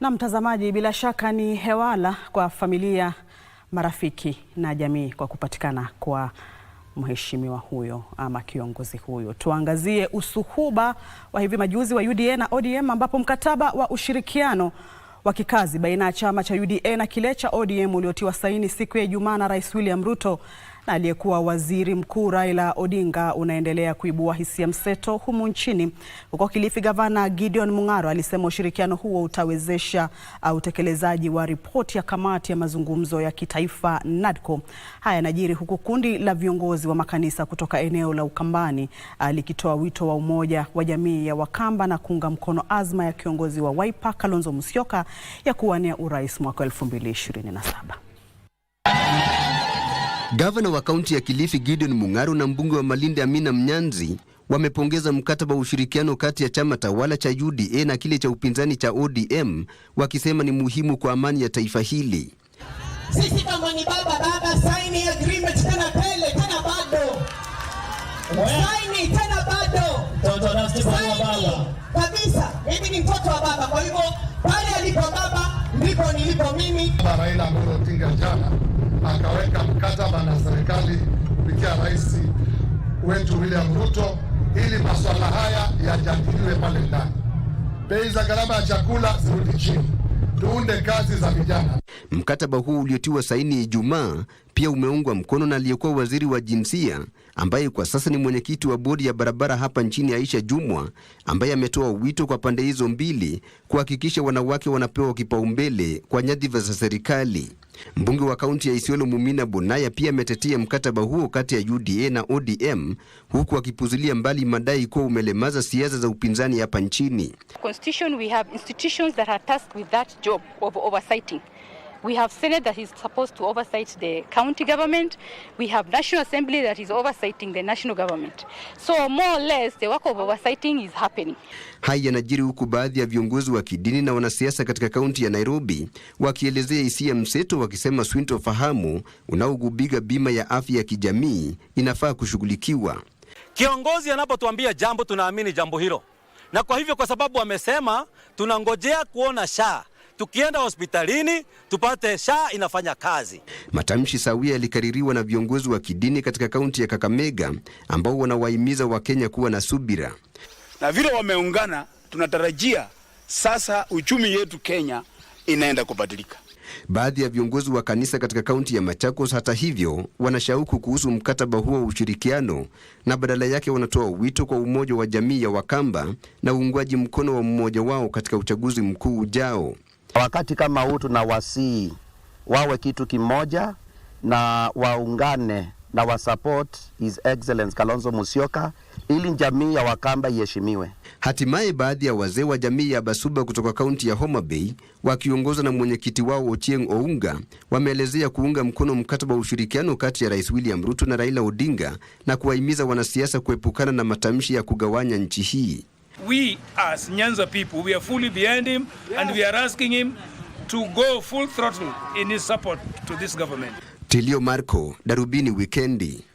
Na mtazamaji, bila shaka ni hewala kwa familia, marafiki na jamii kwa kupatikana kwa mheshimiwa huyo ama kiongozi huyo. Tuangazie usuhuba wa hivi majuzi wa UDA na ODM ambapo mkataba wa ushirikiano wa kikazi baina ya chama cha UDA na kile cha ODM uliotiwa saini siku ya Ijumaa na Rais William Ruto na aliyekuwa waziri mkuu Raila Odinga unaendelea kuibua hisia mseto humu nchini. Huko Kilifi, gavana Gideon Mung'aro alisema ushirikiano huo utawezesha uh, utekelezaji wa ripoti ya kamati ya mazungumzo ya kitaifa NADCO. Haya yanajiri huku kundi la viongozi wa makanisa kutoka eneo la Ukambani uh, likitoa wito wa umoja wa jamii ya Wakamba na kuunga mkono azma ya kiongozi wa Wiper Kalonzo Musyoka ya kuwania urais mwaka 2027. Gavana wa kaunti ya Kilifi Gideon Mung'aro na mbunge wa Malindi Amina Mnyanzi wamepongeza mkataba wa ushirikiano kati ya chama tawala cha UDA na kile cha upinzani cha ODM wakisema ni muhimu kwa amani ya taifa hili. Sisi kama ni baba baba, saini agreement tena pele tena bado. Saini tena bado. Mtoto nafsi kwa baba. Kabisa. Mimi ni mtoto wa baba, kwa hivyo pale alipo baba ndipo nilipo mimi. Raila Amolo Odinga jana akaweka mkataba na serikali kupitia rais wetu William Ruto ili masuala haya yajadiliwe pale ndani, bei za gharama ya chakula zirudi chini, tuunde kazi za vijana. Mkataba huu uliotiwa saini Ijumaa pia umeungwa mkono na aliyekuwa waziri wa jinsia ambaye kwa sasa ni mwenyekiti wa bodi ya barabara hapa nchini Aisha Jumwa, ambaye ametoa wito kwa pande hizo mbili kuhakikisha wanawake wanapewa kipaumbele kwa nyadhifa za serikali. Mbunge wa kaunti ya Isiolo Mumina Bonaya pia ametetea mkataba huo kati ya UDA na ODM huku akipuzulia mbali madai kuwa umelemaza siasa za upinzani hapa nchini. Constitution, we have institutions that are tasked with that job of oversighting. We have Senate that is supposed to oversight the county government. We have National Assembly that is oversighting the national government. So more or less the work of oversighting is happening. Haya yanajiri huku baadhi ya viongozi wa kidini na wanasiasa katika kaunti ya Nairobi wakielezea hisia mseto, wakisema sintofahamu unaogubiga bima ya afya ya kijamii inafaa kushughulikiwa. Kiongozi anapotuambia jambo tunaamini jambo hilo, na kwa hivyo kwa sababu amesema tunangojea kuona shaa tukienda hospitalini tupate SHA inafanya kazi. Matamshi sawia yalikaririwa na viongozi wa kidini katika kaunti ya Kakamega ambao wanawahimiza Wakenya kuwa na subira. Na vile wameungana, tunatarajia sasa uchumi yetu Kenya inaenda kubadilika. Baadhi ya viongozi wa kanisa katika kaunti ya Machakos, hata hivyo, wanashauku kuhusu mkataba huo wa ushirikiano na badala yake wanatoa wito kwa umoja wa jamii ya Wakamba na uungwaji mkono wa mmoja wao katika uchaguzi mkuu ujao. Wakati kama huu wasii wawe kitu kimoja na waungane na wasupport His Excellence Kalonzo Musyoka ili jamii ya Wakamba iheshimiwe. Hatimaye baadhi ya wazee wa jamii ya Basuba kutoka kaunti ya Homa Bay wakiongozwa na mwenyekiti wao Ochieng Ounga wameelezea kuunga mkono mkataba wa ushirikiano kati ya Rais William Ruto na Raila Odinga na kuwahimiza wanasiasa kuepukana na matamshi ya kugawanya nchi hii we as Nyanza people, we are fully behind him and we are asking him to go full throttle in his support to this government. Tilio Marco, Darubini Wikendi.